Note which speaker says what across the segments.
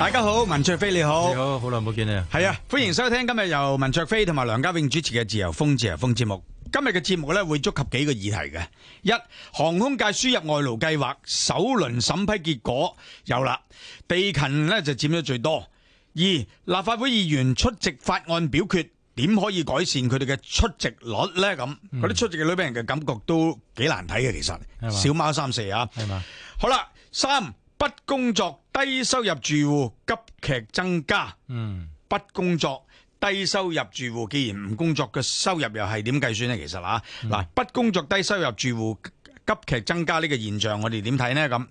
Speaker 1: 大家好，文卓飛你好，你好，好耐冇見你。啊，係啊，歡迎收聽今日由文卓飛同埋梁家穎主持嘅《自由風自由風》節目。今日嘅節目咧會觸及幾個議題嘅：一、航空界輸入外勞計劃首輪審批結果有啦，地勤咧就佔咗最多；二、立法會議員出席法案表決，點可以改善佢哋嘅出席率咧？咁嗰啲出席嘅率俾人嘅感覺都幾難睇嘅，其實小貓三四啊。係嘛，好啦，三不工作。低收入住戶急劇增加，嗯，不工作低收入住戶既然唔工作嘅收入又係點計算呢？其實，嗱，不工作低收入住戶。急劇增加呢個現象，我哋點睇呢？咁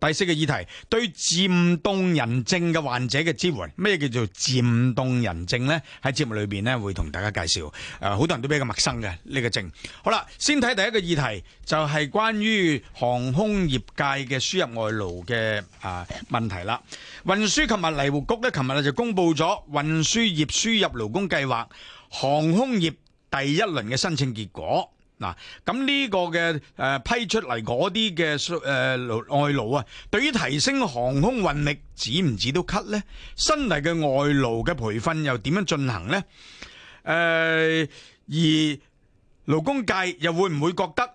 Speaker 1: 第四個議題，對漸凍人症嘅患者嘅支援，咩叫做漸凍人症呢？喺節目裏邊呢，會同大家介紹。誒、呃，好多人都比較陌生嘅呢、這個症。好啦，先睇第一個議題，就係、是、關於航空業界嘅輸入外勞嘅啊問題啦。運輸琴日，黎活局呢，琴日就公布咗運輸業輸入勞工計劃航空業第一輪嘅申請結果。嗱、這個，咁呢個嘅誒批出嚟嗰啲嘅誒外勞啊，對於提升航空運力止唔止都咳呢？新嚟嘅外勞嘅培訓又點樣進行呢？誒、呃，而勞工界又會唔會覺得，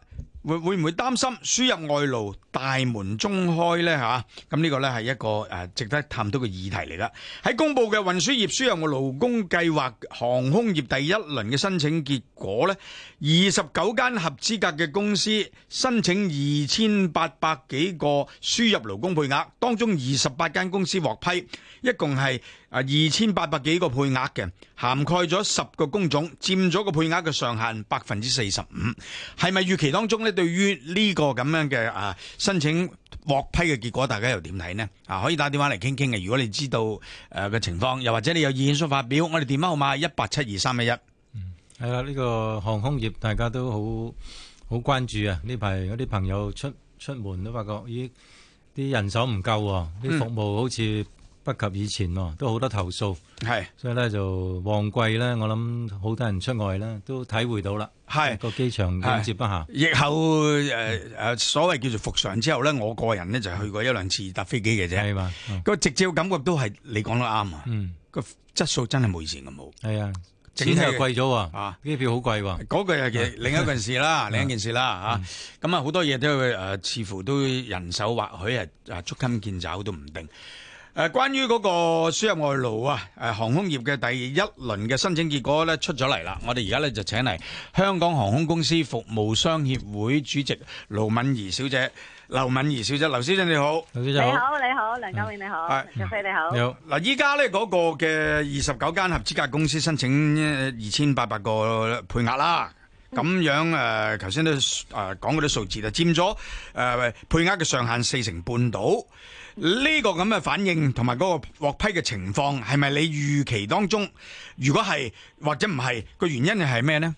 Speaker 1: 會會唔會擔心輸入外勞大門中開呢吓？咁呢個呢係一個誒值得探討嘅議題嚟㗎。喺公布嘅運輸業輸入個勞工計劃，航空業第一輪嘅申請結果呢，二十九間合資格嘅公司申請二千八百幾個輸入勞工配額，當中二十八間公司獲批，一共係。啊，二千八百幾個配額嘅，涵蓋咗十個工種，佔咗個配額嘅上限百分之四十五，係咪預期當中呢？對於呢個咁樣嘅啊申請獲批嘅結果，大家又點睇呢？啊，可以打電話嚟傾傾嘅，如果你知道誒嘅情況，又或者你有意見想發表，我哋電話號碼一八七二三一一。嗯，
Speaker 2: 係、嗯、啦，呢個航空業大家都好好關注啊！呢排有啲朋友出出門都發覺，咦，啲人手唔夠，啲服務好似。不及以前喎，都好多投訴，係，所以咧就旺季咧，我諗好多人出外咧都體會到啦，係個機場應接不下。
Speaker 1: 疫、啊、後誒誒、呃，所謂叫做復常之後咧，我個人咧就去過一兩次搭飛機嘅啫，係嘛，個、啊、直接感覺都係你講得啱啊，個、嗯、質素真係冇以前咁好，係啊，錢又貴咗喎，啊機票好貴喎，嗰、那個係、啊、另一個事啦、啊，另一件事啦嚇，咁啊好、啊、多嘢都誒、呃，似乎都人手或許係啊捉襟見肘都唔定。誒，關於嗰個輸入外勞啊，誒，航空業嘅第一輪嘅申請結果咧出咗嚟啦。我哋而家咧就請嚟香港航空公司服務商協會主席劉敏儀小姐，劉敏儀小姐，劉小姐你好，劉小姐你好，你好，
Speaker 3: 你好，梁家偉你好，阿張飛你好，
Speaker 1: 你好。嗱，依家咧嗰個嘅二十九間合資格公司申請二千八百個配額啦，咁樣，誒，頭先都誒講嗰啲數字啦，佔咗誒配額嘅上限四成半度。呢、這個咁嘅反應同埋嗰個獲批嘅情況係咪你預期當中？如果係或者唔係個原因又係咩咧？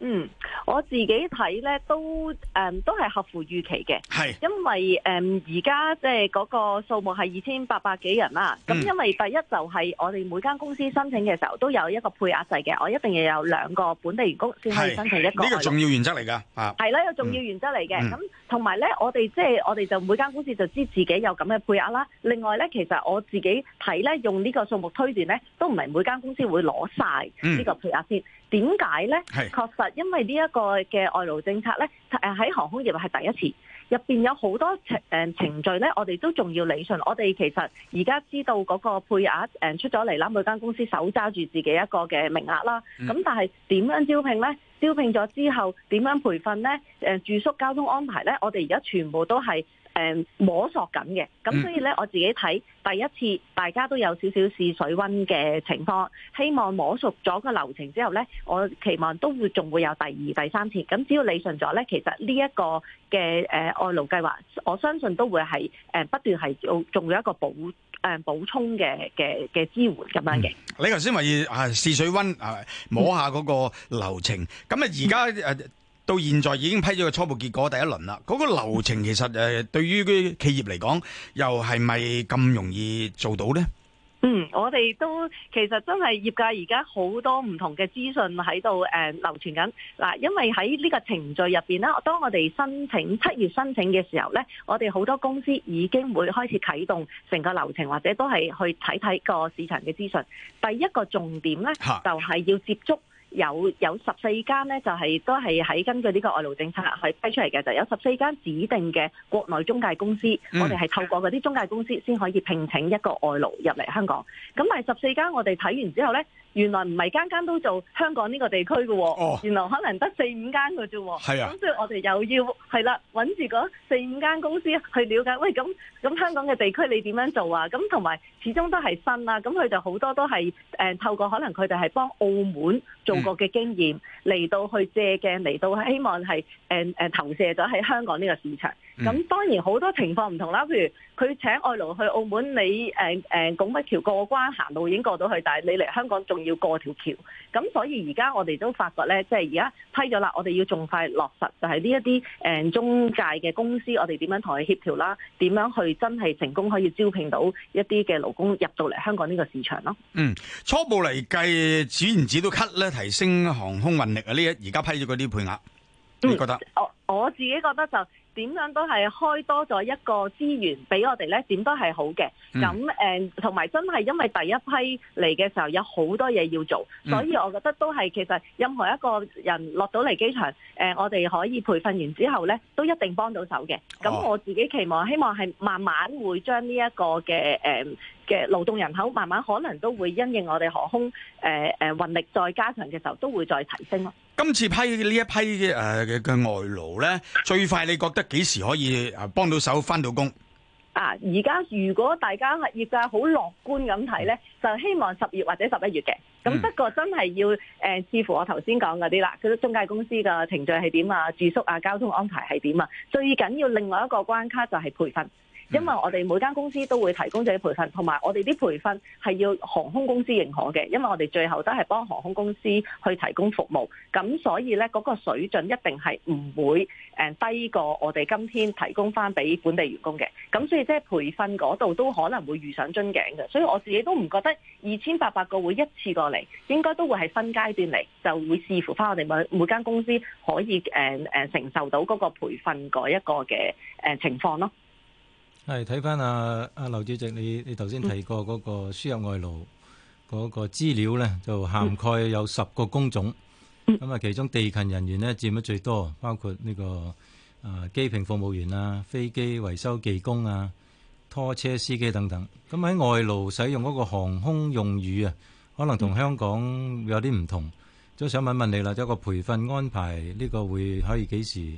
Speaker 3: 嗯，我自己睇咧都，誒，都係、嗯，合乎預期嘅。係，因為誒而家即係嗰個數目係二千八百幾人啦。咁，嗯，因為第一就係我哋每間公司申請嘅時候都有一個配額制嘅，我一定要有兩個本地員工先可以申請一個。呢個係重
Speaker 1: 要原則嚟噶，係係
Speaker 3: 啦，有重要原則嚟嘅。咁同埋咧，我哋即係我哋就每間公司就知自己有咁嘅配額啦。另外咧，其實我自己睇咧用呢個數目推斷咧，都唔係每間公司會攞晒呢個配額先。嗯點解呢？確實，因為呢一個嘅外勞政策呢，誒喺航空業係第一次，入邊有好多程、誒程序呢，我哋都仲要理順。我哋其實而家知道嗰個配額出咗嚟啦，每間公司手揸住自己一個嘅名額啦。咁但係點樣招聘呢？招聘咗之後點樣培訓呢？誒住宿、交通安排呢？我哋而家全部都係。誒，摸索緊嘅，咁所以咧，我自己睇第一次，大家都有少少試水温嘅情況，希望摸索咗個流程之後咧，我期望都會仲會有第二、第三次，咁只要理順咗咧，其實呢一個嘅誒、呃、外勞計劃，我相信都會係誒、呃、不斷係做，仲有一個補誒補充嘅嘅嘅支援咁樣嘅。
Speaker 1: 你頭先話要啊試水温啊，摸下嗰個流程，咁、嗯、啊而家誒。到現在已經批咗個初步結果，第一輪啦。嗰、那個流程其實誒，對於啲企業嚟講，又係咪咁容易做到呢？
Speaker 3: 嗯，我哋都其實真係業界而家好多唔同嘅資訊喺度誒流傳緊。嗱，因為喺呢個程序入邊咧，當我哋申請七月申請嘅時候咧，我哋好多公司已經會開始啟動成個流程，或者都係去睇睇個市場嘅資訊。第一個重點咧，就係、是、要接觸。有有十四間咧，就係、是、都係喺根據呢個外勞政策去批出嚟嘅，就是、有十四間指定嘅國內中介公司，我哋係透過嗰啲中介公司先可以聘請一個外勞入嚟香港。咁，但係十四間，我哋睇完之後咧。原來唔係間間都做香港呢個地區嘅、哦哦，原來可能得四五間嘅啫。咁、啊、所以我哋又要係啦，揾住嗰四五間公司去了解，喂咁咁香港嘅地區你點樣做啊？咁同埋始終都係新啦、啊，咁佢就好多都係誒、呃、透過可能佢哋係幫澳門做過嘅經驗嚟、嗯、到去借鏡，嚟到希望係誒誒投射咗喺香港呢個市場。咁、嗯、當然好多情況唔同啦，譬如佢請外勞去澳門，你誒誒、呃、拱北橋過關行路已經過到去，但係你嚟香港做。要過條橋，咁所以而家我哋都發覺咧，即係而家批咗啦，我哋要盡快落實，就係呢一啲誒中介嘅公司，我哋點樣同佢協調啦？點樣去真係成功可以招聘到一啲嘅勞工入到嚟香港呢個市場咯？嗯，
Speaker 1: 初步嚟計，止唔止都 cut 咧？提升航空運力啊！呢一而家批咗嗰啲配額，你覺得？嗯、
Speaker 3: 我我自己覺得就。點樣都係開多咗一個資源俾我哋呢，點都係好嘅。咁誒，同埋真係因為第一批嚟嘅時候有好多嘢要做，所以我覺得都係其實任何一個人落到嚟機場，誒，我哋可以培訓完之後呢，都一定幫到手嘅。咁我自己期望希望係慢慢會將呢一個嘅誒嘅勞動人口慢慢可能都會因應我哋航空誒誒運力再加強嘅時候，都會再提升咯。
Speaker 1: 今次批呢一批嘅、呃、外勞呢，最快你覺得幾時可以誒幫到手返到工？
Speaker 3: 啊，而家如果大家業界好樂觀咁睇呢，就希望十月或者十一月嘅。咁不過真係要誒，視乎我頭先講嗰啲啦。佢啲中介公司嘅程序係點啊？住宿啊？交通安排係點啊？最緊要另外一個關卡就係培訓。因為我哋每間公司都會提供呢啲培訓，同埋我哋啲培訓係要航空公司認可嘅，因為我哋最後都係幫航空公司去提供服務，咁所以咧，嗰個水準一定係唔會誒低過我哋今天提供翻俾本地員工嘅，咁所以即係培訓嗰度都可能會遇上樽頸嘅，所以我自己都唔覺得二千八百個會一次過嚟，應該都會係分階段嚟，就會視乎翻我哋每每間公司可以、呃呃、承受到嗰個培訓嗰一個嘅呃情況咯。
Speaker 2: 係睇翻阿阿劉主席你，你你頭先提過嗰個輸入外勞嗰個資料呢，就涵蓋有十個工種，咁、嗯、啊其中地勤人員呢佔得最多，包括呢、這個啊機坪服務員啊、飛機維修技工啊、拖車司機等等。咁喺外勞使用嗰個航空用語啊，可能同香港有啲唔同，都、嗯、想問問你啦，有個培訓安排呢、這個會可以幾時？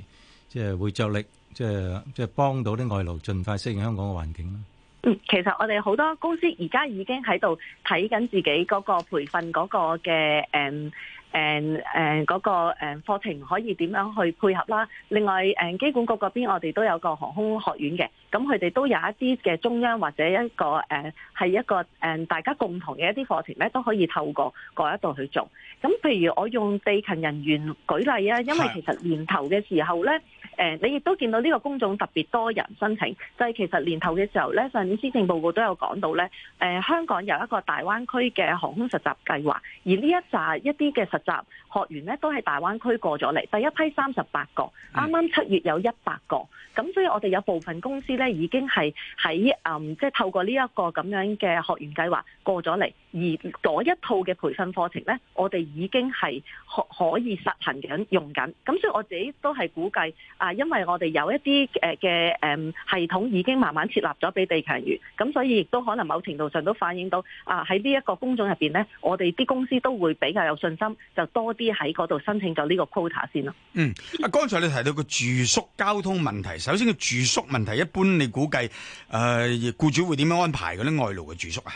Speaker 2: 即係會着力，即係即係幫到啲外勞盡快適應香港嘅環境啦。嗯，
Speaker 3: 其實我哋好多公司而家已經喺度睇緊自己嗰個培訓嗰個嘅，誒誒誒，嗰個誒課程可以點樣去配合啦。另外，誒機管局嗰邊，我哋都有個航空學院嘅。咁佢哋都有一啲嘅中央或者一個誒係、呃、一個誒、呃、大家共同嘅一啲課程咧，都可以透過嗰一度去做。咁譬如我用地勤人員舉例啊，因為其實年頭嘅時候咧，誒、呃、你亦都見到呢個工種特別多人申請，就係、是、其實年頭嘅時候咧，上年施政報告都有講到咧，誒、呃、香港有一個大灣區嘅航空實習計劃，而呢一扎一啲嘅實習學員咧都喺大灣區過咗嚟，第一批三十八個，啱啱七月有一百個，咁所以我哋有部分公司呢。即係已經係喺嗯，即係透過呢一個咁樣嘅學員計劃過咗嚟，而嗰一套嘅培訓課程咧，我哋已經係可可以實行緊用緊。咁、嗯、所以我自己都係估計啊，因為我哋有一啲誒嘅誒系統已經慢慢設立咗俾地勤員，咁、嗯、所以亦都可能某程度上都反映到啊，喺呢一個工種入邊咧，我哋啲公司都會比較有信心，就多啲喺嗰度申請咗呢個 quota 先咯。嗯，
Speaker 1: 啊剛才你提到個住宿交通問題，首先個住宿問題一般，你估計誒僱主會點樣安排嗰啲外勞嘅住
Speaker 3: 宿啊？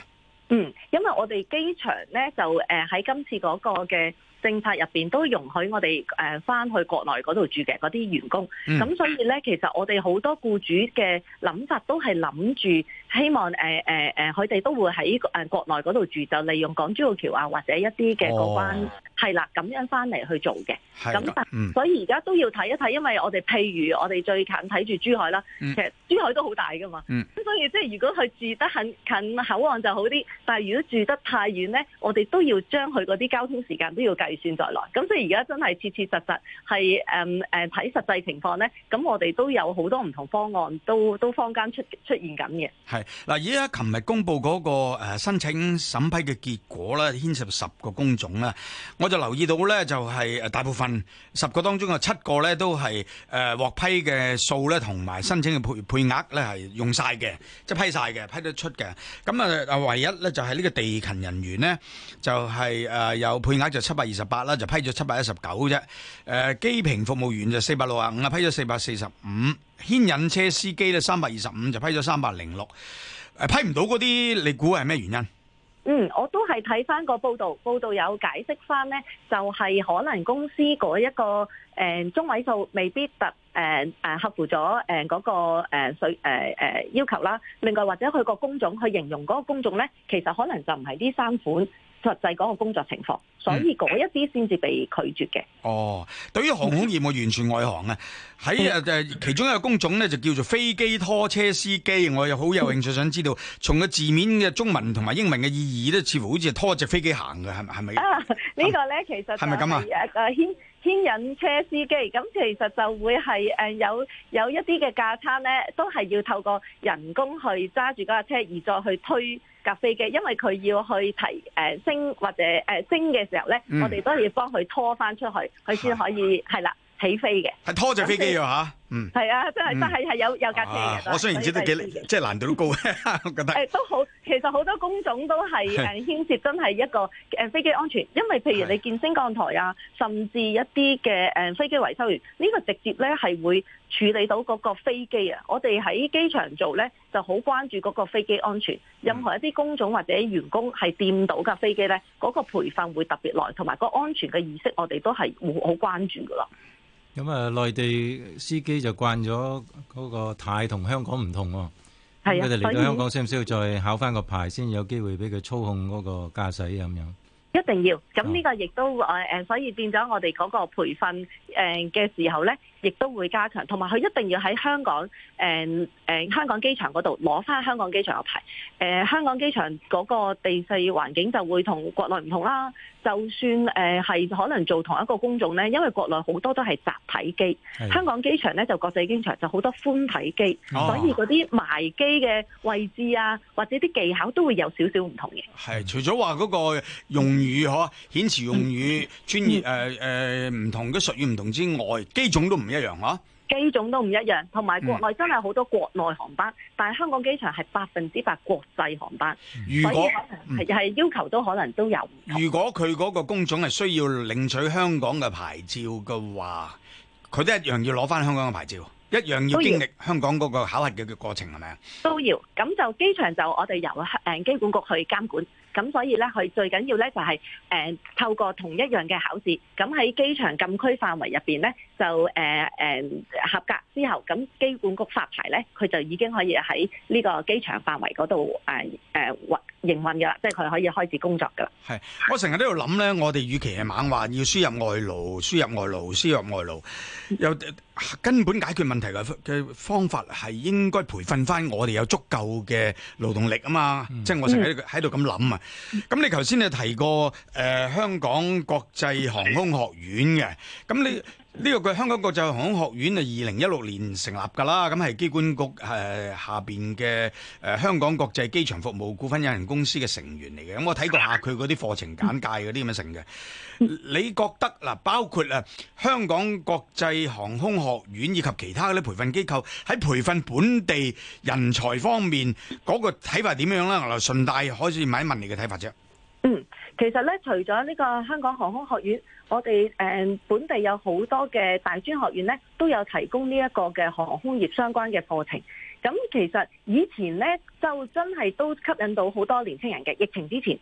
Speaker 3: 嗯，因為我哋機場咧就誒喺今次嗰個嘅政策入面都容許我哋誒翻去國內嗰度住嘅嗰啲員工，咁、嗯、所以咧其實我哋好多僱主嘅諗法都係諗住希望誒誒誒，佢、呃、哋、呃、都會喺誒國內嗰度住，就利用港珠澳橋啊或者一啲嘅個關係啦，咁、哦、樣翻嚟去做嘅。咁但、嗯、所以而家都要睇一睇，因為我哋譬如我哋最近睇住珠海啦、嗯，其實珠海都好大㗎嘛，咁、嗯、所以即係如果佢住得很近口岸就好啲，但係如果住得太遠咧，我哋都要將佢嗰啲交通時間都要計。先在來，咁所以而家真係切切實實係誒誒睇實際情況咧，咁我哋都有好多唔同方案，都都坊間出出現緊嘅。
Speaker 1: 係嗱，而家琴日公布嗰個誒申請審批嘅結果咧，牽涉十個工種啦，我就留意到咧，就係誒大部分十個當中嘅七個咧，都係誒獲批嘅數咧，同埋申請嘅配配額咧係用晒嘅，即係批晒嘅，批得出嘅。咁啊啊，唯一咧就係呢個地勤人員咧，就係誒有配額就七百二。十八啦，就批咗七百一十九啫。誒，機坪服務員就四百六啊，五啊批咗四百四十五。牽引車司機咧，三百二十五就批咗三百零六。誒，批唔到嗰啲，你估係咩原因？
Speaker 3: 嗯，我都係睇翻個報道，報道有解釋翻咧，就係可能公司嗰一個誒、呃、中位數未必達誒誒合乎咗誒嗰個誒水誒誒要求啦。另外或者佢個工種，去形容嗰個工種咧，其實可能就唔係呢三款。實際嗰個工作情況，所以嗰一啲先至被拒絕嘅、
Speaker 1: 嗯。哦，對於航空業我完全外行啊！喺誒誒其中一個工種咧，就叫做飛機拖車司機，我又好有好有興趣想知道， 從個字面嘅中文同埋英文嘅意義咧，似乎好似係拖隻飛機行嘅，係咪係
Speaker 3: 咪？啊這個、呢個咧其實係咪咁啊？誒、啊、牽，牽引車司機，咁其實就會係誒、啊、有有一啲嘅架生咧，都係要透過人工去揸住架車，而再去推。架飛機，因為佢要去提誒、呃、升或者誒、呃、升嘅時候咧、嗯，我哋都要幫佢拖返出去，佢先可以係啦 起飛嘅。係拖著飛機㗎嚇。嗯，係啊，真係、嗯、真係係有有隔我雖然知得幾，即、啊、係、
Speaker 1: 啊、難度都高， 我覺得。誒、欸，
Speaker 3: 都好，其實好多工種都係誒牽涉真係一個誒飛機安全，因為譬如你見升降台啊，甚至一啲嘅誒飛機維修員，呢、這個直接咧係會處理到嗰個飛機啊。我哋喺機場做咧就好關注嗰個飛機安全。任何一啲工種或者員工係掂到架飛機咧，嗰、嗯那個培訓會特別耐，同埋個安全嘅意識，我哋都係會好關注噶啦。
Speaker 2: 咁啊，內地司機就慣咗嗰個態，同香港唔同喎。
Speaker 3: 係啊，佢哋嚟到香港，
Speaker 2: 需唔需要再考翻個牌先有機會俾佢操控嗰個駕駛咁樣？
Speaker 3: 一定要咁呢個，亦都誒誒，所以變咗我哋嗰個培訓誒嘅時候咧。亦都會加強，同埋佢一定要喺香港誒、嗯嗯、香港機場嗰度攞翻香港機場嘅牌。誒、呃、香港機場嗰個地勢環境就會同國內唔同啦。就算誒係、呃、可能做同一個工種咧，因為國內好多都係集體機，香港機場咧就國際機場就好多寬體機、嗯，所以嗰啲埋機嘅位置啊，或者啲技巧都會有少少唔同嘅。
Speaker 1: 除咗話嗰個用語顯、嗯啊、示用語專業誒唔同嘅術語唔同之外，機種都唔一樣。一樣咯，
Speaker 3: 機種都唔一樣，同埋國內真係好多國內航班。嗯、但係香港機場係百分之百國際航班。如果係要求都可能都有、嗯。
Speaker 1: 如果佢嗰個工種係需要領取香港嘅牌照嘅話，佢都一樣要攞翻香港嘅牌照，一樣要經歷香港嗰個考核嘅嘅過程係咪啊？
Speaker 3: 都要。咁就機場就我哋由誒嗯、機管局去監管。咁所以咧，佢最緊要咧就係、是、誒、呃、透過同一樣嘅考試，咁、嗯、喺機場禁區範圍入面咧，就誒、呃呃、合格之後，咁、嗯、機管局發牌咧，佢就已經可以喺呢個機場範圍嗰度誒誒運營運噶啦，即係佢可以開始工作噶啦。係，
Speaker 1: 我成日都喺度諗咧，我哋與其係猛話要輸入外勞，輸入外勞，輸入外勞， 根本解決問題嘅嘅方法係應該培訓翻我哋有足夠嘅勞動力啊嘛！嗯、即係我成日喺度咁諗啊！咁、嗯、你頭先你提過誒、呃、香港國際航空學院嘅，咁你呢、呢個嘅香港國際航空學院啊，二零一六年成立噶啦，咁係機管局誒、呃、下邊嘅誒香港國際機場服務股份有限公司嘅成員嚟嘅，咁我睇過下佢嗰啲課程簡介嗰啲咁樣成嘅，你覺得嗱、呃，包括啊、呃、香港國際航空。學院以及其他嘅啲培訓機構喺培訓本地人才方面嗰個睇法點樣咧？來順帶可以問一問你嘅睇法啫。嗯，
Speaker 3: 其實咧，除咗呢個香港航空學院，我哋誒、呃、本地有好多嘅大專學院咧，都有提供呢一個嘅航空業相關嘅課程。咁其實以前咧就真係都吸引到好多年輕人嘅，疫情之前。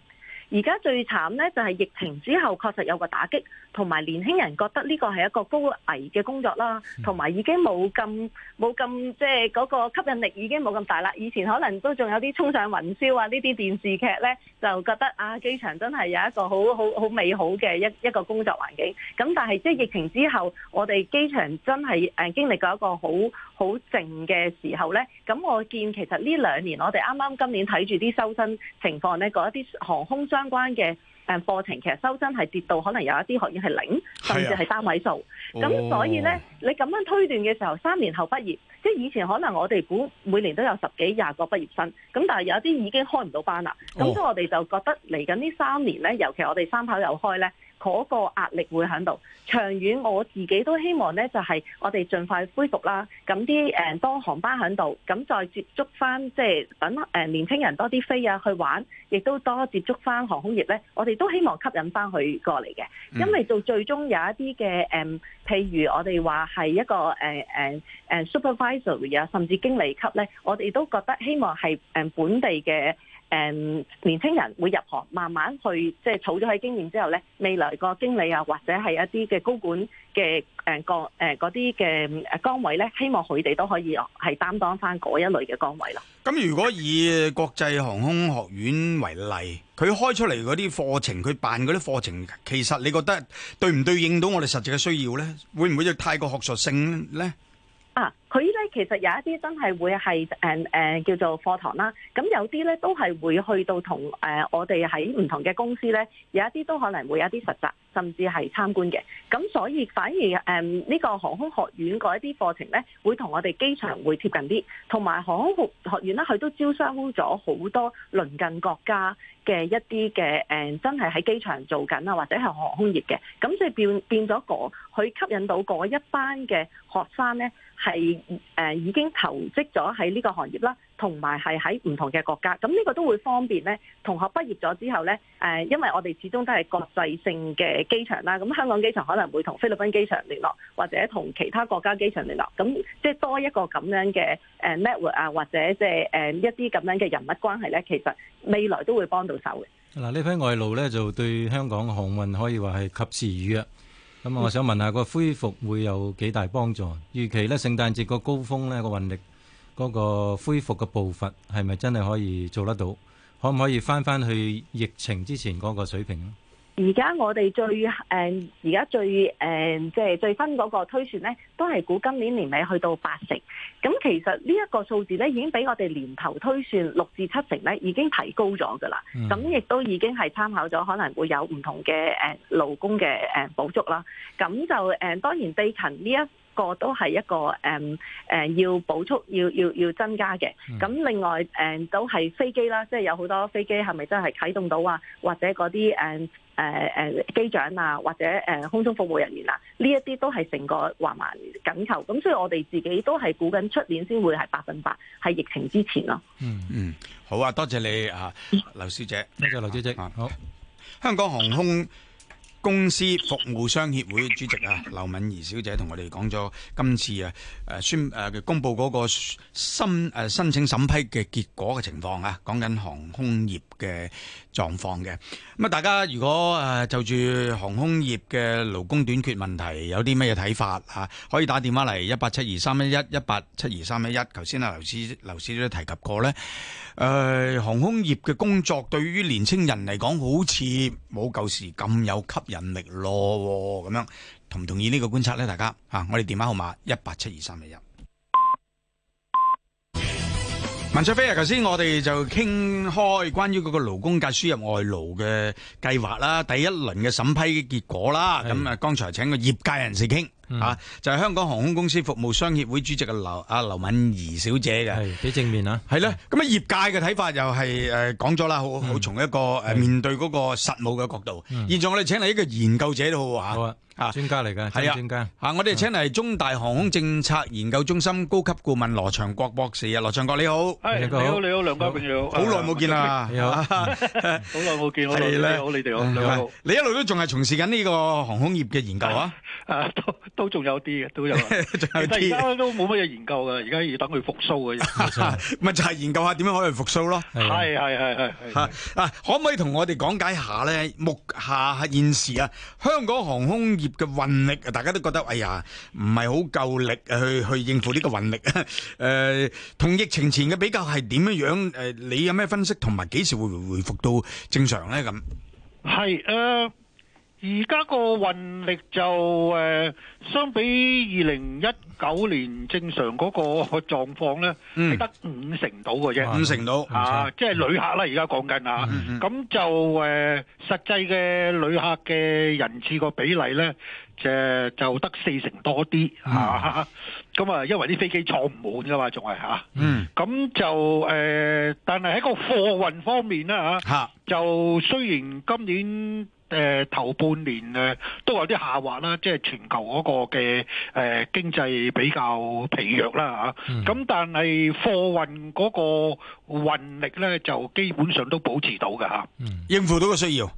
Speaker 3: 而家最慘呢，就係疫情之後確實有個打擊，同埋年輕人覺得呢個係一個高危嘅工作啦，同埋已經冇咁冇咁即係嗰個吸引力已經冇咁大啦。以前可能都仲有啲衝上雲霄啊呢啲電視劇咧，就覺得啊機場真係有一個好好好美好嘅一一個工作環境。咁但係即係疫情之後，我哋機場真係誒經歷過一個好好靜嘅時候咧。咁我見其實呢兩年我哋啱啱今年睇住啲收薪情況咧，嗰一啲航空。相關嘅誒課程，其實收生係跌到可能有一啲學院係零，甚至係單位數。咁、啊、所以咧，oh. 你咁樣推斷嘅時候，三年後畢業，即係以前可能我哋估每年都有十幾廿個畢業生，咁但係有一啲已經開唔到班啦。咁、oh. 所以我哋就覺得嚟緊呢三年咧，尤其我哋三跑又開咧。嗰個壓力會喺度，長遠我自己都希望呢，就係我哋盡快恢復啦。咁啲誒多航班喺度，咁再接觸翻，即係等誒年輕人多啲飛啊去玩，亦都多接觸翻航空業呢。我哋都希望吸引翻佢過嚟嘅，因為到最終有一啲嘅誒，譬如我哋話係一個誒誒誒 supervisor 呀，甚至經理級呢，我哋都覺得希望係本地嘅。誒、嗯，年輕人會入行，慢慢去即係儲咗喺經驗之後咧，未來個經理啊，或者係一啲嘅高管嘅誒個誒啲嘅崗位咧，希望佢哋都可以係擔當翻嗰一類嘅崗位咯。
Speaker 1: 咁如果以國際航空學院為例，佢開出嚟啲課程，佢辦啲課程，其實你覺得對唔對應到我哋實際嘅需要咧？會唔會有太過學術性咧？
Speaker 3: 啊，佢咧。其實有一啲真係會係誒誒叫做課堂啦，咁有啲咧都係會去到同誒我哋喺唔同嘅公司咧，有一啲都可能會有啲實習，甚至係參觀嘅。咁所以反而誒呢個航空學院嗰一啲課程咧，會同我哋機場會貼近啲，同埋航空學院咧，佢都招商咗好多鄰近國家嘅一啲嘅誒，真係喺機場做緊啊，或者係航空業嘅。咁即係變變咗嗰佢吸引到嗰一班嘅學生咧。係誒已經投資咗喺呢個行業啦，同埋係喺唔同嘅國家。咁呢個都會方便呢同學畢業咗之後呢，誒因為我哋始終都係國際性嘅機場啦。咁香港機場可能會同菲律賓機場聯絡，或者同其他國家機場聯絡。咁即係多一個咁樣嘅誒 network 啊，或者即係一啲咁樣嘅人物關係呢，其實未來都會幫到手嘅。
Speaker 2: 嗱呢批外勞呢，就對香港航運可以話係及時雨啊！咁我想問下個恢復會有幾大幫助？預期咧聖誕節個高峰咧個運力嗰個恢復嘅步伐係咪真係可以做得到？可唔可以翻翻去疫情之前嗰個水平咧？
Speaker 3: 而家我哋最誒，而、呃、家最誒，即、呃、係最新嗰個推算咧，都係估今年年尾去到八成。咁其實這數呢一個數字咧，已經比我哋年頭推算六至七成咧，已經提高咗噶啦。咁亦都已經係參考咗可能會有唔同嘅誒勞工嘅誒補足啦。咁就誒、呃，當然地勤呢一個都係一個誒誒、嗯呃、要補充要要要增加嘅。咁另外誒、呃、都係飛機啦，即係有好多飛機係咪真係啟動到、呃、啊？或者嗰啲誒誒誒機長啊，或者誒空中服務人員啊，呢一啲都係成個環環緊扣，咁所以我哋自己都係估緊出年先會係百分百係疫情之前咯。嗯嗯，
Speaker 1: 好啊，多謝你啊，劉小姐，多謝劉小姐好。好，香港航空。公司服務商協會主席啊，劉敏儀小姐同我哋講咗今次啊，誒宣誒公佈嗰個審誒申請審批嘅結果嘅情況啊，講緊航空業嘅狀況嘅咁啊！大家如果誒就住航空業嘅勞工短缺問題有啲咩嘢睇法吓，可以打電話嚟一八七二三一一一八七二三一一。頭先啊，劉師劉師都提及過呢誒、呃，航空業嘅工作對於年青人嚟講好似冇舊時咁有吸引力咯，咁樣同唔同意呢個觀察呢？大家吓，我哋電話號碼一八七二三一一。文卓飛啊，頭先我哋就傾開關於嗰個勞工界輸入外勞嘅計劃啦，第一輪嘅審批結果啦，咁啊剛才請個業界人士傾啊，就係香港航空公司服務商協會主席嘅劉啊劉敏儀小姐嘅，係幾正面啊，係啦，咁啊業界嘅睇法又係誒講咗啦，好好從一個誒面對嗰個實務嘅角度，現在我哋請嚟一個研究者都好啊。
Speaker 2: 啊，專家嚟
Speaker 1: 㗎係啊，啊，我哋請嚟中大航空政策研究中心高級顧問羅祥國博士啊，羅祥國你好，係，你好你
Speaker 4: 好，梁家榮你好，好耐冇見啦，好耐冇見，係你好你哋好，你好，
Speaker 1: 你一路都仲係從事緊呢個航空業嘅研究啊，啊，
Speaker 4: 都都仲有啲嘅，都有，仲有啲，即係而家都冇乜嘢研究嘅，而家
Speaker 1: 要等佢復蘇嘅，咪就係研究下點樣可以復蘇咯，係係係係吓，啊，可唔可以同我哋講解下咧？目下現時啊，香港航空業嘅運力，大家都覺得哎呀，唔係好夠力去去應付呢個運力。誒，同疫情前嘅比較係點樣樣？誒，你有咩分析？同埋幾時會回復到正常呢？咁
Speaker 4: 係誒。而家個運力就誒、呃，相比二零一九年正常嗰個狀況咧，係得、嗯、五成到嘅啫，五成到啊，嗯、即係旅客啦，而家講緊啊。咁、嗯、就誒、呃，實際嘅旅客嘅人次個比例咧，就就得四成多啲、嗯、啊。咁啊，因為啲飛機坐唔滿㗎嘛，仲係嚇。嗯。咁就誒、呃，但係喺個貨運方面咧、啊、就雖然今年。誒頭半年咧都有啲下滑啦，即係全球嗰個嘅誒經濟比較疲弱啦嚇。咁、嗯、但係貨運嗰個運力咧就基本上都保持到
Speaker 1: 嘅嚇，應付到個需要。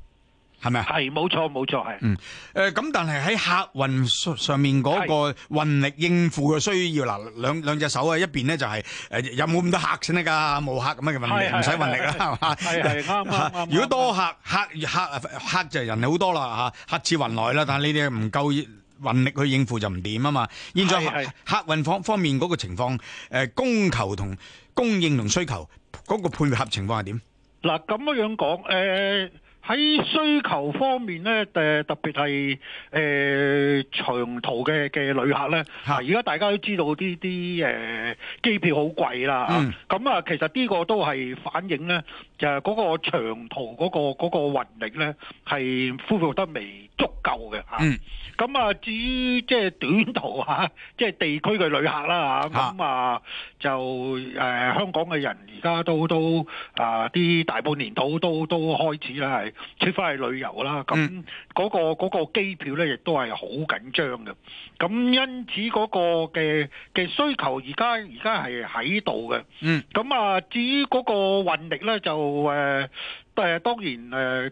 Speaker 1: 係咪啊？係，冇錯冇錯，係。嗯，誒，咁但係喺客運上面嗰個運力應付嘅需要啦，兩兩隻手啊，一邊呢就係誒，有冇咁多客先得噶？冇客咁樣嘅運力，唔使運力啦，係嘛？係係啱啱啱。如果多客，客客客，客就人好多啦吓，客似雲來啦。但係呢啲唔夠運力去應付就唔掂啊嘛。現在客客運方方面嗰個情況，誒，供求同供應同需求嗰個配合情況係點？嗱，咁樣
Speaker 4: 講，誒。喺需求方面咧，誒特別係誒長途嘅嘅旅客咧，嗱，而家大家都知道呢啲誒機票好貴啦，咁、嗯、啊其實呢個都係反映咧。就係嗰個長途嗰個嗰個運力咧，係恢復得未足夠嘅吓嗯咁啊，至於即係短途嚇，即係地區嘅旅客啦吓咁啊，就誒呃香港嘅人而家都都啊啲大半年到都都，都開始啦，係出翻去旅遊啦。嗯，咁嗰個嗰個機票咧，亦都係好緊張嘅。咁因此嗰個嘅嘅需求而家而家係喺度嘅。嗯，咁啊，至於嗰個運力咧，就。就誒誒當然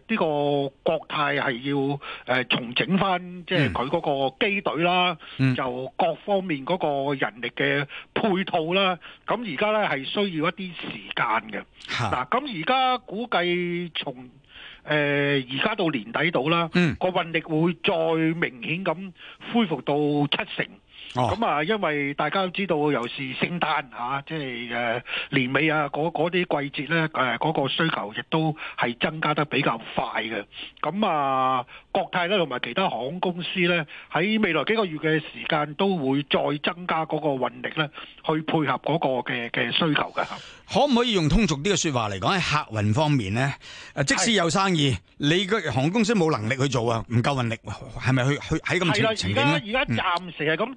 Speaker 4: 誒呢個國泰係要誒重整返，即係佢嗰個機隊啦，就、嗯嗯、各方面嗰個人力嘅配套啦。咁而家咧係需要一啲時間嘅。嗱，咁而家估計從誒而家到年底度啦，個運力會再明顯咁恢復到七成。咁啊，因為大家都知道，又係聖誕嚇，即係誒年尾啊，嗰嗰啲季節咧，誒嗰個需求亦都係增加得比較快嘅。咁啊，國泰咧同埋其他航空公司咧，喺未來幾個月嘅時間都會再增加嗰個運力咧，去配合
Speaker 1: 嗰個嘅嘅需求嘅。可唔可以用通俗啲嘅説話嚟講，喺客運方面咧？誒，即使有生意，你個航空公司冇能力去做啊，唔夠運力，係咪去去喺咁？係啦，而家而家暫
Speaker 4: 時係咁。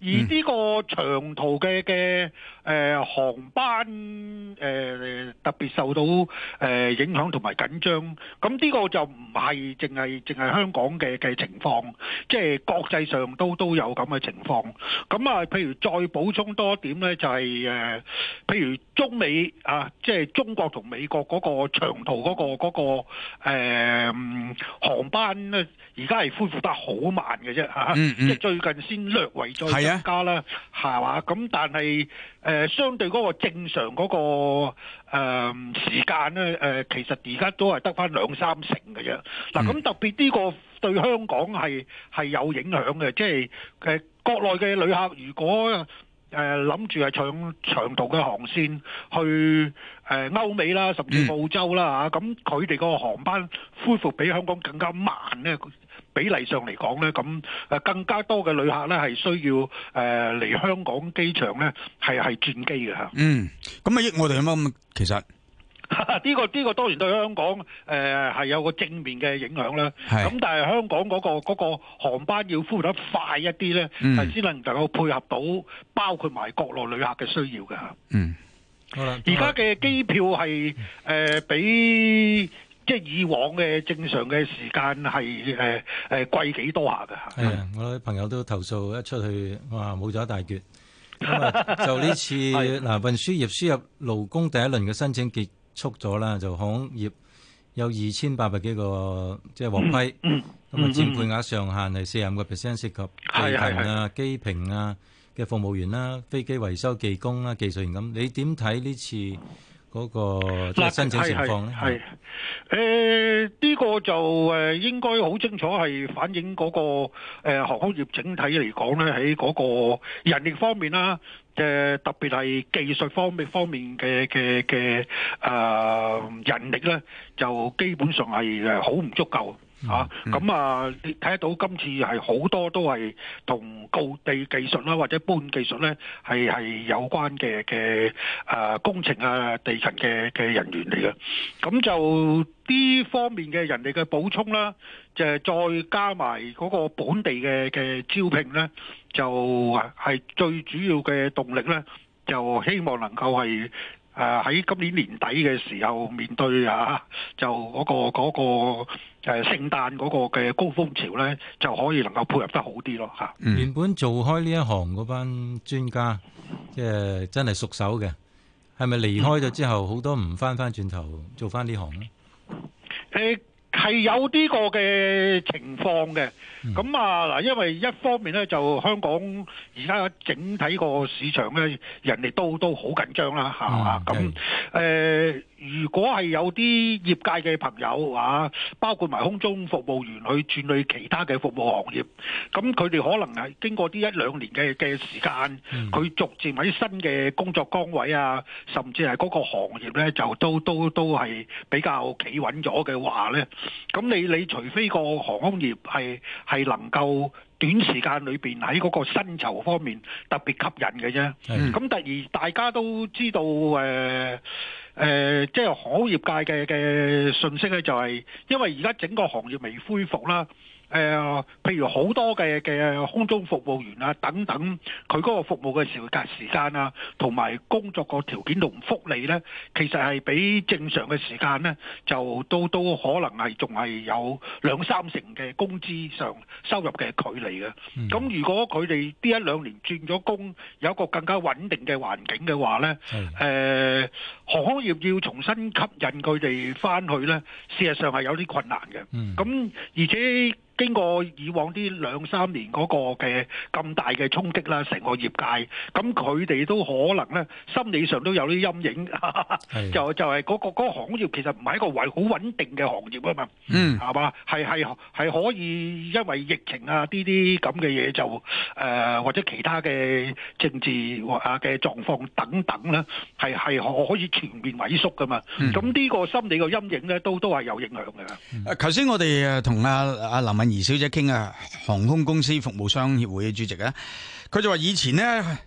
Speaker 4: 而呢個長途嘅嘅。誒、呃、航班誒、呃、特別受到誒、呃、影響同埋緊張，咁呢個就唔係淨係淨係香港嘅嘅情況，即係國際上都都有咁嘅情況。咁啊，譬如再補充多一點咧，就係、係、誒、呃，譬如中美啊，即係中國同美國嗰個長途嗰、嗰個嗰、嗰個啊嗯、航班咧，而家係恢復得好慢嘅啫嚇，即、啊、係、嗯嗯、最近先略為再加啦，係嘛、啊？咁、嗯、但係誒、呃、相對嗰個正常嗰、那個誒、呃、時間咧，誒、呃、其實而家都係得翻兩三成嘅啫。嗱、啊，咁特別呢個對香港係係有影響嘅，即係誒、呃、國內嘅旅客如果誒諗住係長長途嘅航線去誒、呃、歐美啦，甚至澳洲啦吓，咁佢哋個航班恢復比香港更加慢咧。比例上嚟講咧，咁誒更加多嘅旅客咧係需要誒嚟香港機場咧係係轉機嘅吓。嗯，
Speaker 1: 咁啊益我哋咁啊，其實
Speaker 4: 呢個呢個當然對香港誒係有個正面嘅影響啦。係咁，但係香港嗰個嗰個航班要恢復得快一啲咧，係先能能夠配合到包括埋國內旅客嘅需要嘅吓。嗯，好啦，而家嘅機票係誒比。即係以往嘅正常嘅時間
Speaker 5: 係誒誒貴幾
Speaker 2: 多下㗎？誒，我啲朋友都投訴，一出去，哇，冇咗一大橛。咁啊，就呢次嗱，運輸業輸入勞工第一輪嘅申請結束咗啦，就行業有二千八百幾個即係獲批，咁啊，佔配額上限係四十五個 percent，涉及地勤啊、機坪啊嘅服務員啦、飛機維修技工啦、技術員，咁，你點睇呢次？嗰、那個即情況
Speaker 4: 咧，係呢、呃這個就誒應該好清楚，係反映嗰、那個航空、呃、業整體嚟講，咧，喺嗰個人力方面啦、啊、嘅，特別係技術方面方面嘅嘅嘅啊人力咧，就基本上係誒好唔足夠。嚇、嗯，咁啊，你睇得到今次係好多都係同高地技術啦，或者半技術咧，係係有關嘅嘅啊工程啊地勤嘅嘅人員嚟嘅。咁就呢方面嘅人力嘅補充啦，就係再加埋嗰個本地嘅嘅招聘咧，就係、是、最主要嘅動力咧，就希望能夠係。誒、啊、喺今年年底嘅時候面對啊，就嗰、那個嗰、那個誒聖誕嗰個嘅高峰潮咧，就可以能夠配合得
Speaker 2: 好啲咯嚇。嗯、原本做開呢一行嗰班專家，即係真係熟手嘅，係咪離開咗之後好、嗯、多唔翻翻轉頭做翻呢行咧？欸
Speaker 4: 係有呢個嘅情況嘅，咁啊嗱，因為一方面咧就香港而家整體個市場咧，人哋都都好緊張啦嚇，咁、oh, 誒、okay. 啊。如果係有啲業界嘅朋友啊，包括埋空中服務員去轉去其他嘅服務行業，咁佢哋可能係經過呢一兩年嘅嘅時間，佢逐漸喺新嘅工作崗位啊，甚至係嗰個行業呢，就都都都係比較企穩咗嘅話呢。咁你你除非個航空業係係能夠短時間裏面喺嗰個薪酬方面特別吸引嘅啫，咁突然大家都知道誒。呃誒，即係行業界嘅嘅信息咧，就係因為而家整個行業未恢復啦。誒、呃，譬如好多嘅嘅空中服務員啊，等等，佢嗰個服務嘅時間時間啦、啊，同埋工作個條件同福利呢，其實係比正常嘅時間呢，就都都可能係仲係有兩三成嘅工資上收入嘅距離嘅。咁、嗯、如果佢哋呢一兩年轉咗工，有一個更加穩定嘅環境嘅話呢，誒，呃、航空業要重新吸引佢哋翻去呢，事實上係有啲困難嘅。咁、嗯、而且，經過以往啲兩三年嗰個嘅咁大嘅衝擊啦，成個業界，咁佢哋都可能咧心理上都有啲陰影，就就係嗰個嗰個行業其實唔係一個維好穩定嘅行業啊嘛，嗯，係嘛，係係係可以因為疫情啊呢啲咁嘅嘢就誒或者其他嘅政治啊嘅狀況等等咧，係係可可以全面萎縮噶嘛，嗯，咁呢個心理嘅陰影咧都都係有影響嘅。
Speaker 1: 誒，頭先我哋誒同阿阿林敏二小姐傾啊，航空公司服務商協會嘅主席啊，佢就話以前呢，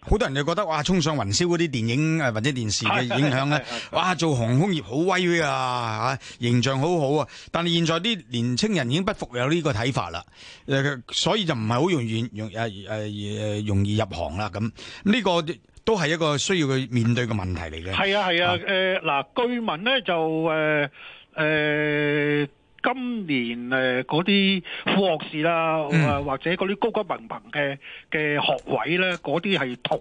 Speaker 1: 好多人就覺得哇，衝上雲霄嗰啲電影誒或者電視嘅影響咧， 哇，做航空業好威噶、啊、嚇，形象好好啊。但係現在啲年青人已經不服有呢個睇法啦，誒，所以就唔係好容易容誒誒容易入行啦。咁呢、這個都係一個需要佢面對嘅問題嚟嘅。係
Speaker 4: 啊係啊，誒嗱、啊啊呃，據聞呢就誒誒。呃呃今年誒，嗰、呃、啲副學士啦，呃，或者嗰啲高級文憑嘅嘅學位咧，嗰啲係同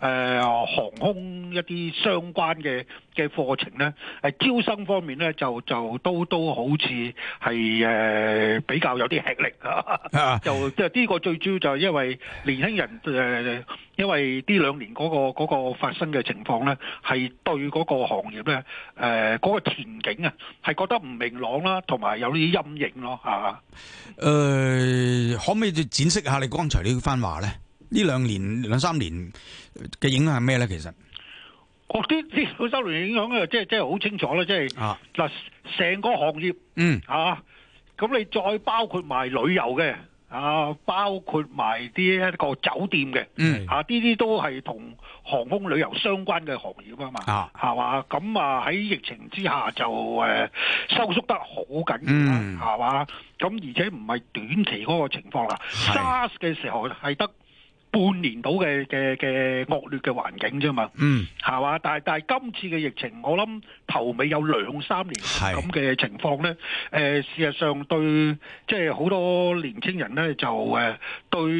Speaker 4: 誒航空一啲相關嘅嘅課程咧，喺、啊、招生方面咧，就就都都好似係誒比較有啲吃力啊！ 就即係呢個最主要就係因為年輕人誒、呃，因為呢兩年嗰、那個嗰、那個、發生嘅情況咧，係對嗰個行業咧，誒、呃、嗰、那個前景啊，係覺得唔明朗啦，同埋有啲陰影咯嚇。
Speaker 1: 誒、呃，可唔可以展示下你剛才呢番話咧？呢兩年兩三年嘅影響係咩咧？其實？
Speaker 4: 我啲啲個收聯影響咧，即係即係好清楚啦，即係嗱成個行業，嗯啊，咁、嗯啊、你再包括埋旅遊嘅啊，包括埋啲一個酒店嘅，嗯啊，呢啲都係同航空旅遊相關嘅行業啊嘛，啊係嘛，咁啊喺疫情之下就、啊、收縮得好緊，係、嗯、嘛，咁而且唔係短期嗰個情況啦 SARS 嘅時候係得，半年到嘅嘅嘅惡劣嘅環境啫嘛，嗯，係嘛？但係但係今次嘅疫情，我諗頭尾有兩三年咁嘅情況咧。誒，事實上對即係好多年輕人咧，就誒對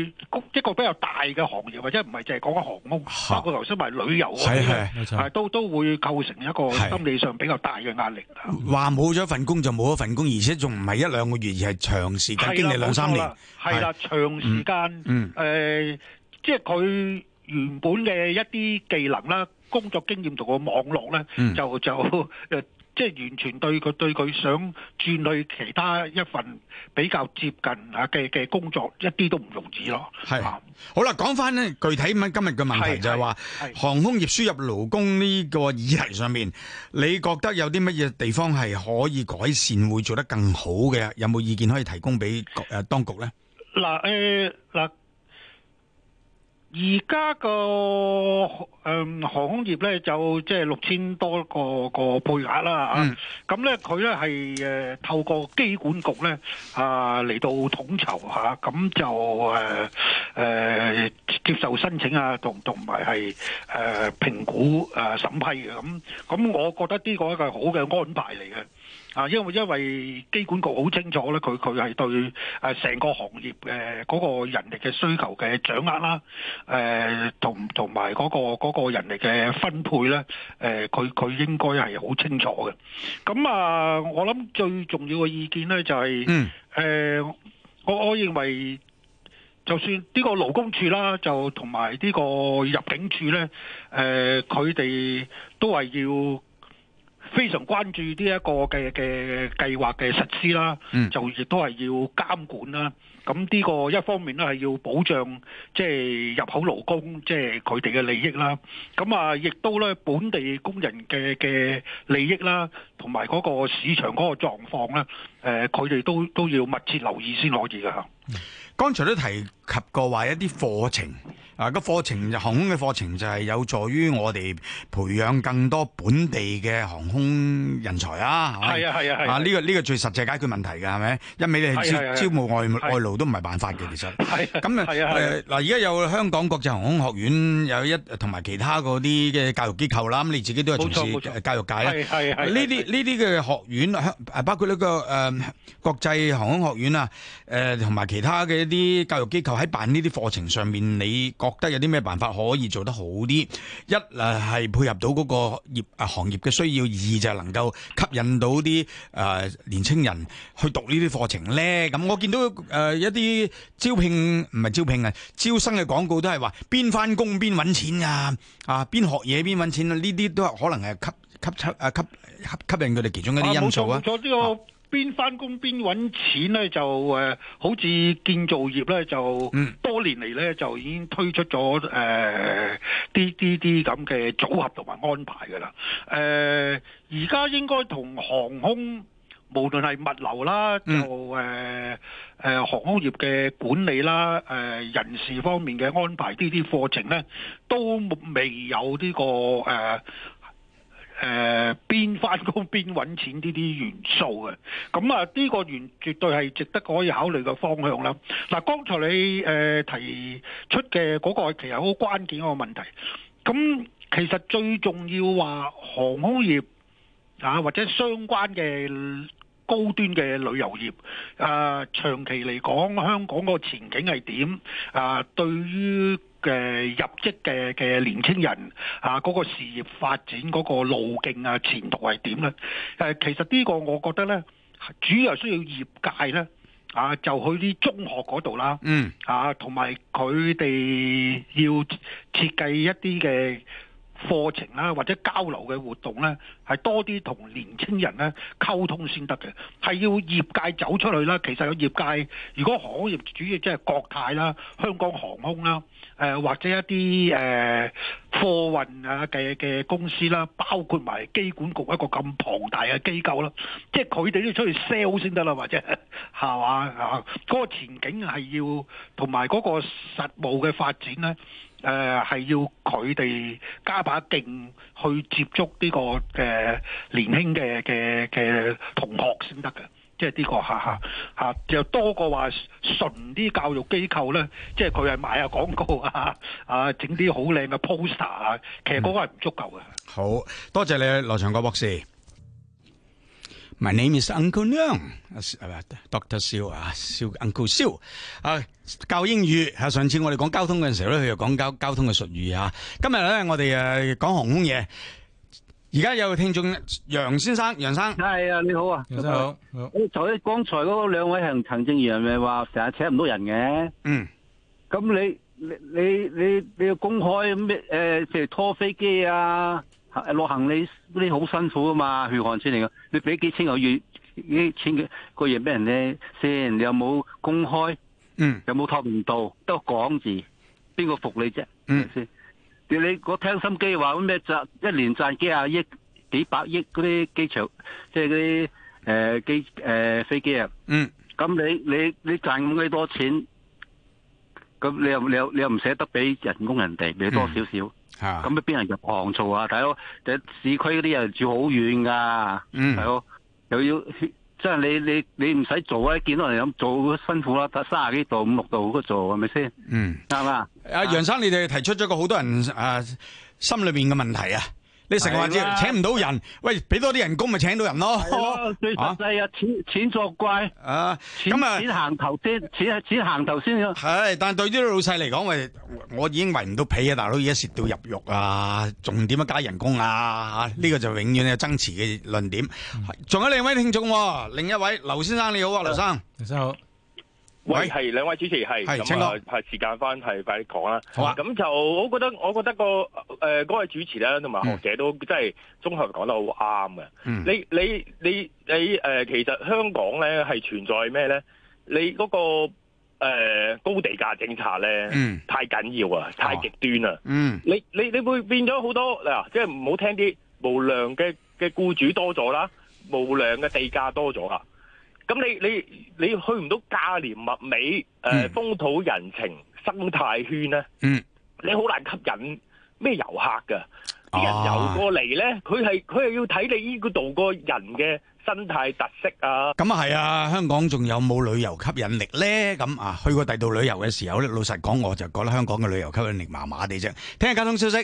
Speaker 4: 一個比較大嘅行業，或者唔係淨係講緊航空，包括頭先埋旅遊嗰啲，係係冇錯，係都都會構成一個心理上比較大嘅壓力。
Speaker 1: 話冇咗一份工就冇咗份工，而且仲唔係一兩個月，而係長時間經歷兩三年，
Speaker 4: 係啦，長時間，嗯，誒。即係佢原本嘅一啲技能啦、工作經驗同個網絡咧，就就誒，即係完全對佢對佢想轉去其他一份比較接近嚇嘅嘅工作，一啲都唔容易咯。
Speaker 1: 係好啦，講翻咧具體咁啊，今日嘅問題就係話航空業輸入勞工呢個議題上面，你覺得有啲乜嘢地方係可以改善，會做得更好嘅？有冇意見可以提供俾誒當局咧？
Speaker 4: 嗱誒嗱。而家個誒航空業咧就即係六千多個個配額啦嚇，咁咧佢咧係透過機管局咧啊嚟到統籌下，咁就誒接受申請啊同同埋係誒評估誒審批嘅咁，咁我覺得呢個一個係好嘅安排嚟嘅。啊，因為因為機管局好清楚咧，佢佢係對誒成個行業誒嗰個，呃，呃，嗰個嗰個人力嘅需求嘅掌握啦，誒同同埋嗰個人力嘅分配咧，誒佢佢應該係好清楚嘅。咁啊，我諗最重要嘅意見咧就係，係，誒，嗯呃，我我認為就算呢個勞工處啦，就同埋呢個入境處咧，誒佢哋都係要，非常關注呢一個嘅嘅計劃嘅實施啦，就亦都係要監管啦。咁呢個一方面咧係要保障即係、就是、入口勞工即係佢哋嘅利益啦。咁啊，亦都咧本地工人嘅嘅利益啦，同埋嗰個市場嗰個狀況咧，誒佢哋都都要密切留意先可以㗎吓。
Speaker 1: 剛才都提及過話一啲課程，啊個課程就航空嘅課程就係有助於我哋培養更多本地嘅航空人才啊！係啊係啊係啊！呢個呢個最實際解決問題嘅係咪？因為你招招募外外勞都唔係辦法嘅，其實係咁啊！係啊嗱，而家、呃、有香港國際航空學院有一同埋其他啲嘅教育機構啦。咁你自己都係從事教育界啦。係係係呢啲呢啲嘅學院，香包括呢個誒、呃、國際航空學院啊，誒同埋其他嘅。一啲教育機構喺辦呢啲課程上面，你覺得有啲咩辦法可以做得好啲？一，啊，係配合到嗰個業啊行業嘅需要；二就係能夠吸引到啲啊年輕人去讀呢啲課程咧。咁我見到誒一啲招聘，唔係招聘，啊招生嘅廣告都係話邊返工邊揾錢啊，啊邊學嘢邊揾錢啊！呢啲都可能係吸吸吸吸吸吸引佢哋其中一啲因素啊。
Speaker 4: 邊翻工邊
Speaker 1: 揾錢呢？就誒、呃，好似建造業呢，就
Speaker 4: 多年嚟呢，就已經推出咗誒啲啲啲咁嘅組合同埋安排㗎啦。誒、呃，而家應該同航空，無論係物流啦，就誒誒、呃呃、航空業嘅管理啦，誒、呃、人事方面嘅安排呢啲課程呢，都未有呢、呢個誒。呃誒，邊返工邊揾錢呢啲元素嘅。咁啊呢個完絕對係值得可以考慮嘅方向啦。嗱，剛才你誒提出嘅嗰個其實好關鍵一個問題，咁其實最重要話航空業啊，或者相關嘅高端嘅旅遊業啊，長期嚟講香港個前景係點啊？對於嘅入職嘅嘅年青人啊，嗰、那個事業發展嗰個路徑啊，前途係點咧？誒、啊，其實呢個我覺得咧，主要係需要業界咧啊，就去啲中學嗰度啦，嗯啊，同埋佢哋要設計一啲嘅。課程啦、啊，或者交流嘅活動呢，係多啲同年青人呢溝通先得嘅，係要業界走出去啦。其實有業界，如果航空業主要即係國泰啦、香港航空啦，呃、或者一啲誒貨運啊嘅嘅公司啦，包括埋機管局一個咁龐大嘅機構啦，即係佢哋都要出去 sell 先得啦，或者係嘛嗰個前景係要同埋嗰個實務嘅發展呢。誒、呃、係要佢哋加把勁去接觸呢、這個誒、呃、年輕嘅嘅嘅同學先得嘅，即係、這、呢個嚇嚇嚇，又、啊啊、多過話純啲教育機構咧，即係佢係賣下廣告啊啊，整啲好靚嘅 poster 啊，post, 其實嗰個係唔足
Speaker 1: 夠嘅、嗯。好多謝你，羅祥國博士。My name is Uncle Kun, uh, Dr. Siu, uh, Uncle Siu. 教英語上次我哋講交通嘅時候呢，佢又講交通嘅術語啊，今日呢，我哋講航空嘢。而
Speaker 5: 家有聽眾楊先生，楊生。你好啊。你好。就係剛才嗰兩位係陳正儀，係咪話成日請唔到人嘅？嗯。咁你，你你你要公開咩？譬如拖飛機啊。啊！落行李嗰啲好辛苦噶嘛，血汗錢嚟㗎。你俾幾千個月啲錢嘅個月俾人咧先？你有冇公開？嗯，有冇透明度講住，邊個服你啫？嗯，先你你我聽心機話咩賺一年賺幾廿億、幾百億嗰啲機場，即係嗰啲誒機誒飛機啊。嗯，咁你你你賺咁鬼多錢，咁你又你又你又唔捨得俾人工人哋，俾多少少？嗯啊！咁啊，邊人入行做啊？大佬，就市區嗰啲人住好遠噶，係、嗯、咯，又要即係你你你唔使做啊！見到人咁做辛苦啦，得三廿幾度、五六度嗰座係咪先？嗯，啱啊！
Speaker 1: 阿楊生，你哋提出咗個好多人啊、呃、心裏面嘅問題啊！你成日話請唔到人，喂，俾多啲人工咪請到人咯。係最實際啊，錢錢作怪啊，錢啊，錢行頭先，錢錢行頭先咯。係，但係對啲老細嚟講，我我已經圍唔到皮到啊，大佬而家蝕到入肉啊，仲點啊加人工啊？呢個就永遠有爭持嘅論點。仲、嗯、有另一位聽眾，另一位劉先生你好啊，劉生。劉
Speaker 2: 生好。
Speaker 5: 喂，係兩位主持，係
Speaker 1: 請
Speaker 2: 講，
Speaker 4: 係時間翻，係快啲講啦。
Speaker 2: 好啊，咁
Speaker 4: 就我覺得，我覺得個誒嗰位主持咧，同埋學者都真係綜合講得好啱嘅。嗯，你你你你誒，其實香港咧係存在咩咧？你嗰個誒高地價政策咧，嗯，太緊要啊，太極端啦。嗯，你你你會變咗好多嗱，即係唔好聽啲無良嘅嘅雇主多咗啦，無良嘅地價多咗啦。咁你你你去唔到價廉物美，誒，風土人情、生態圈咧，嗯，你好難吸引咩遊客嘅。啲人遊過嚟咧，佢係佢係要睇你呢度個人嘅生態特色
Speaker 1: 啊。咁啊係啊，香港仲有冇旅遊吸引力咧？咁啊，去過第度旅遊嘅時候咧，老實講我就覺得香港嘅旅遊吸引力麻麻哋啫。聽下交通消息。